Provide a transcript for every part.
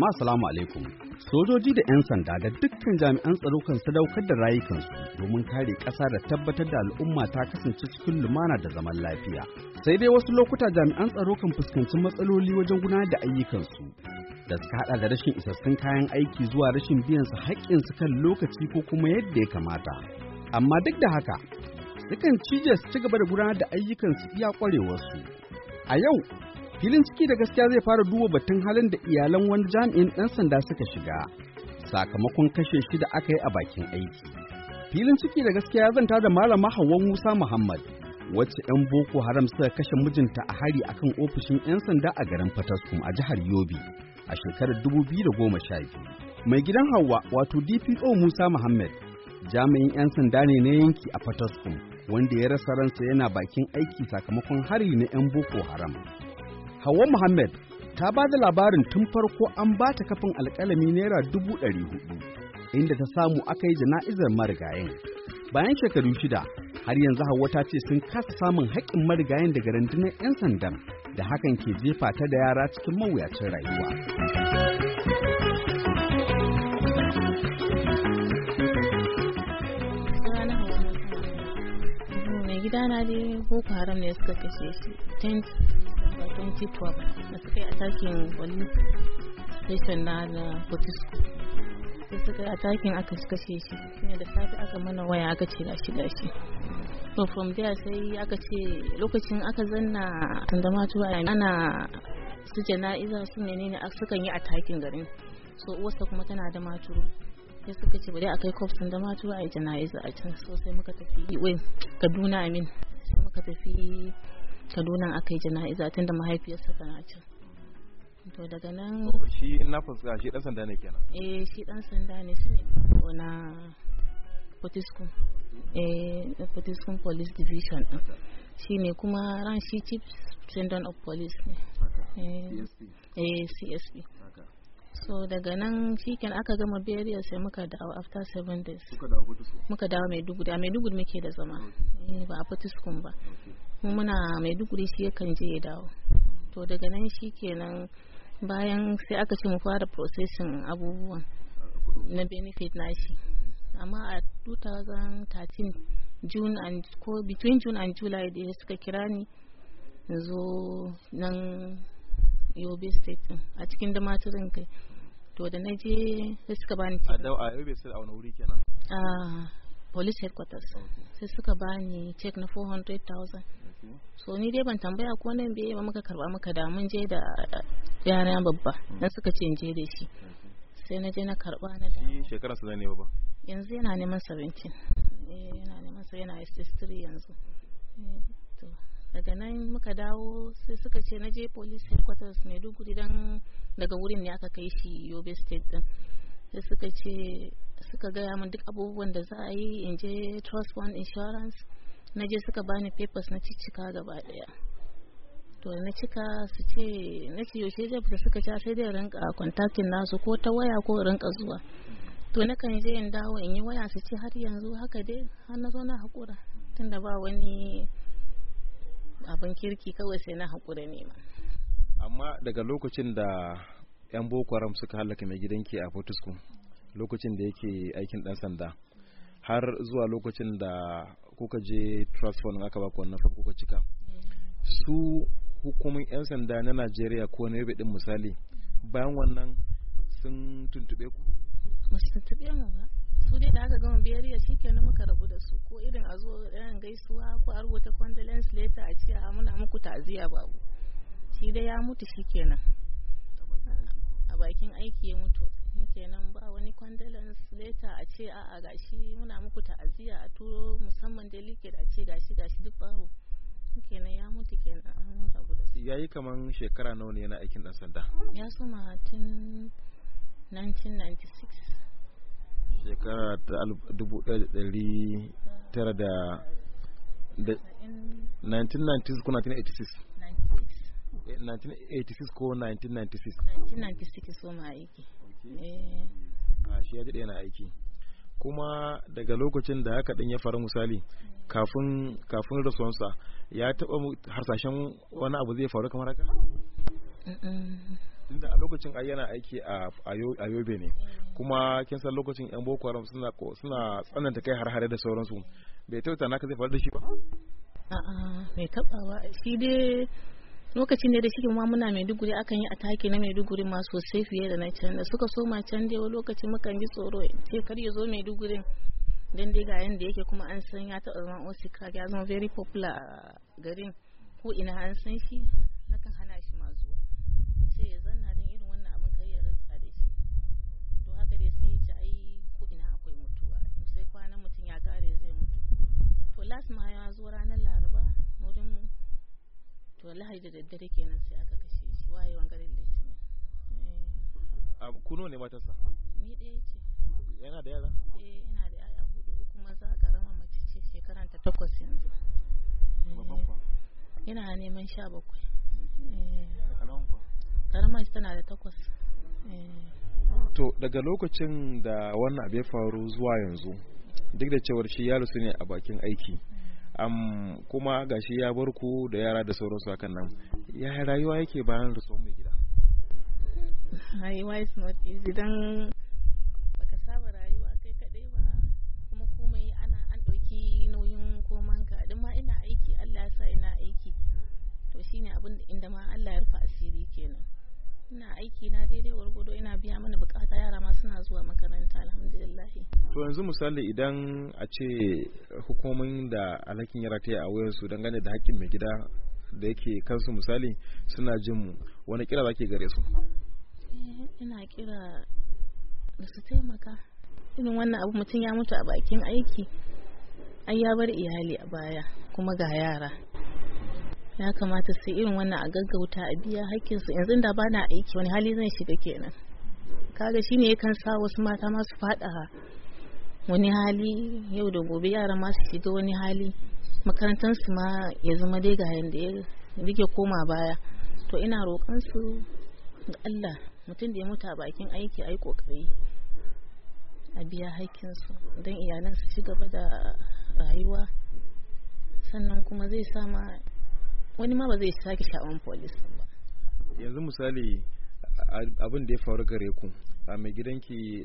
Jama'a salamu alaikum. Sojoji da 'yan sanda da dukkan jami'an tsaro kan sadaukar da rayukansu domin kare ƙasa da tabbatar da al'umma ta kasance cikin lumana da zaman lafiya. Sai dai wasu lokuta jami'an tsaro kan fuskanci matsaloli wajen gudanar da ayyukansu. Da suka hada da rashin isassun kayan aiki zuwa rashin biyan su su kan lokaci ko kuma yadda ya kamata. Amma duk da haka, sukan cije su ci gaba da gudanar da ayyukansu iya ƙwarewarsu. A yau filin ciki da gaskiya zai fara duba batun halin da iyalan wani jami'in ɗan sanda suka shiga sakamakon kashe shi da aka yi a bakin aiki filin ciki da gaskiya zanta da malama hawan musa muhammad wacce 'yan boko haram suka kashe mijinta a hari akan ofishin 'yan sanda a garin fataskum a jihar yobe a shekarar da goma sha 2012 mai gidan hawa wato dpo musa muhammad jami'in 'yan sanda ne na yanki a fataskum wanda ya rasa ransa yana bakin aiki sakamakon hari na 'yan boko haram Hauwa Muhammad ta ba da labarin tun farko an ba ta kafin alƙalami naira dubu ɗari hudu inda ta samu aka yi jana'izar marigayen. Bayan shekaru shida har yanzu Hauwa ta ce sun kasa samun haƙƙin marigayen daga rundunar 'yan sandan da hakan ke jefa ta da yara cikin mawuyacin rayuwa. gidana dai boko haram ne suka kashe shi a 2012 da suka yi atakin wani station na na Fortisco da suka yi atakin aka kashe shi ne da safe aka mana waya aka ce da shi so from there sai aka ce lokacin aka zanna tandamatu ana su jana'iza su ne ne a sukan yi atakin garin so uwarsa kuma tana da maturu sai suka ce bari a kai kwafsin da maturu a yi jana'iza a can so sai muka tafi kaduna amin sai muka tafi kaduna aka yi jana'iza tun da mahaifiyarsa tana can to daga nan shi ina fuska shi dan sanda ne kenan eh shi dan sanda ne shi ne na potiskun eh potiskun police division din shi ne kuma ran shi chief sendon of police ne eh csp eh, so daga nan shiken aka gama beriya sai muka dawo after seven days muka dawo maiduguri a maiduguri muke da zama eh, ba a potiskun ba muna maiduguri shi yakan je ya dawo to daga nan shi kenan bayan sai aka ce mu fara processin abubuwan na benefit na shi amma a 2013 june and ko between june and july da suka kira ni zo nan yobe state a cikin da maturin kai to da na je sai suka bani a yobe state a wani wuri kenan a ah, police headquarters sai suka bani check na 400,000 so ni dai ban tambaya ko nan biye ba muka karba muka da mun je da yana babba mm. na suka ce in je da shi sai na je na karba na da shi shekara su ne babba yanzu yana neman 17 eh yana neman sa yana SS3 yanzu eh, to daga nan muka dawo sai suka ce na je police headquarters duk dan daga wurin ne aka kai shi Yobe state din sai suka ce suka gaya min duk abubuwan da za a yi in je trust fund insurance na je suka bani papers na ciccika gaba daya to na cika su ce na ce yaushe zai fita suka ci sai dai rinka kontaktin nasu ko ta waya ko rinka zuwa to na kan je in dawo in yi waya su ce har yanzu haka dai har na zo na haƙura tunda ba wani abin kirki kawai sai na haƙura ne ma amma daga lokacin da yan boko haram suka halaka mai gidanki a fotusku lokacin da yake aikin dan sanda har zuwa lokacin da kuka je trust fund aka ba ku wannan ko ka cika su hukumin 'yan sanda na najeriya ko na yabe din misali bayan wannan sun tuntube ku ba su tuntube mu ba su dai da aka gama biyariya shikenan muka rabu da su ko irin a zo irin gaisuwa ko a rubuta condolence letter a ce a muna muku ta'aziyya babu shi dai ya mutu shikenan a bakin aiki ya mutu kenan ba wani condolence letter a ce a'a gashi muna muku ta'aziyya a turo musamman delicate a ce gashi gashi duk babu kenan ya mutu kenan an abu da su yayi kaman shekara nawa ne yana aikin dan sanda ya soma tun 1996 shekara ta 1990 ko 1986 1986 eh, ko 1996 1996 soma aiki a shi ya daɗe yana aiki kuma daga lokacin da haka ɗin ya faru misali kafin kafin rasuwansa ya taɓa harsashen wani abu zai faru kamar haka inda a lokacin ai yana aiki a yobe ne kuma kin san lokacin yan boko haram suna suna tsananta kai har da sauransu bai tauta naka zai faru da shi ba a'a mai ba shi dai lokacin da da shi ma muna maiduguri akan yi a ataki na maiduguri ma sosai fiye da na can da suka soma can dai wani lokacin mukan ji tsoro ce kar ya zo maiduguri dan dai ga yanda yake kuma an san ya taɓa zama osika ya zama very popular a garin ko ina an san shi nakan hana shi ma zuwa in ce ya zanna don irin wannan abin kai ya rantsa da shi to haka dai sai ya ci ai ko ina akwai mutuwa sai kwanan mutum ya kare zai mutu to last ma ya zo ranar laraba wurin mu to lahadi da daddare kenan sai aka kashe shi wayewan garin litinin eh. a kuno ne matarsa ni ɗaya ce yana da yara eh ina da yaya hudu uku maza karama mace ce shekaran ta takwas yanzu ina eh. neman sha bakwai karamar eh. tana da takwas to daga lokacin da wannan abu ya faru zuwa yanzu duk da cewar shi ya su ne a bakin aiki am kuma gashi ya bar ku da yara da sauransu akan nan ya rayuwa yake bayan rasuwar mai gida rayuwa is not easy dan to yanzu misali idan a ce hukumomin da alhakin yara ta yi a wayansu dangane da haƙƙin mai gida da yake kansu misali suna jin mu wani kira za ke gare su eh, ina kira da su taimaka irin wannan abu mutum ya mutu a bakin aiki ai ya bar iyali a baya kuma ga yara ya kamata su irin wannan a gaggauta a biya haƙƙinsu yanzu da ba na aiki wani hali zan shiga kenan kaga shine yakan sa wasu mata masu fada wani hali yau da gobe yara ma su shiga wani hali makarantar su ma ya zama dai ga yadda ya rike koma baya to ina roƙon su ga Allah mutum da ya mutu a bakin aiki ai kokari a biya su don iyalan su ci gaba da rayuwa sannan kuma zai sama wani ma ba zai sake sha'awan polis ba yanzu misali abin da ya faru gare ku a mai gidanki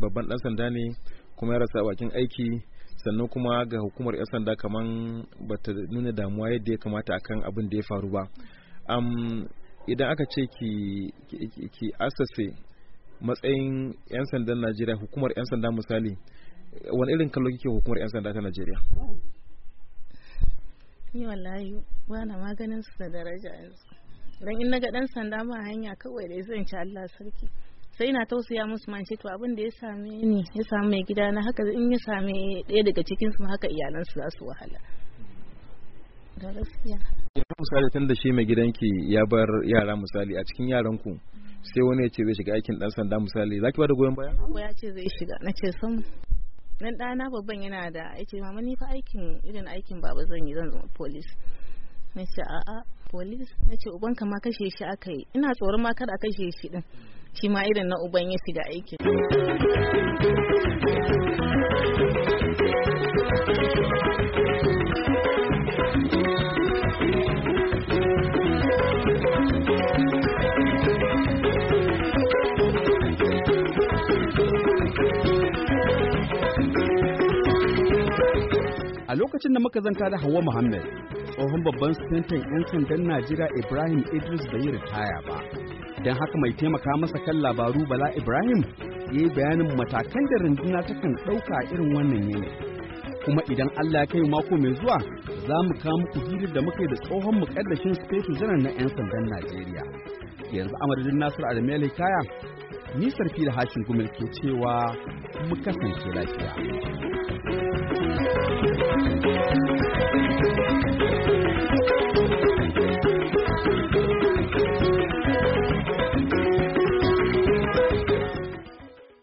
babban ɗan sanda ne kuma ya rasa bakin aiki sannan kuma ga hukumar 'yan sanda kaman ba ta nuna damuwa yadda ya kamata akan abin da ya faru ba idan aka ce ki, ki, ki asase matsayin 'yan sandan najeriya hukumar 'yan sanda misali wani irin kallo kike hukumar 'yan sanda ta najeriya ni wallahi ba na maganin su da daraja yanzu don in naga dan sanda ma hanya kawai da zan ci allah sarki sai na tausaya musu man to abin da ya same ni ya same mai gida na haka in ya same ɗaya daga cikin su haka iyalan su za su wahala da gaskiya misali tun da shi mai gidanki ya bar yara misali a cikin yaran ku sai wani ya ce zai shiga aikin dan sanda misali zaki ba da goyon baya ko ya ce zai shiga na ce sam dan ɗana babban yana da aiki mama ni fa aikin irin aikin baba zan yi zan zama police nace ce a'a polis na ce uban ma kashe shi aka yi ina tsoron ma kada kashe shi din shi ma irin na uban ya shiga aiki a lokacin da muka zanta da Hauwa Muhammad tsohon babban sufentan 'yan sandan najeriya ibrahim idris bai ritaya ba don haka mai taimaka masa kan labaru bala ibrahim ya yi bayanin matakan da runduna kan ɗauka irin wannan yanayi kuma idan allah ya kai mako mai zuwa za mu kawo muku hirar da muka yi da tsohon mukaddashin sufetu janar na 'yan sandan najeriya yanzu amadadin nasiru adamu kaya ni sarfi da hashin gumil ke cewa mu kasance lafiya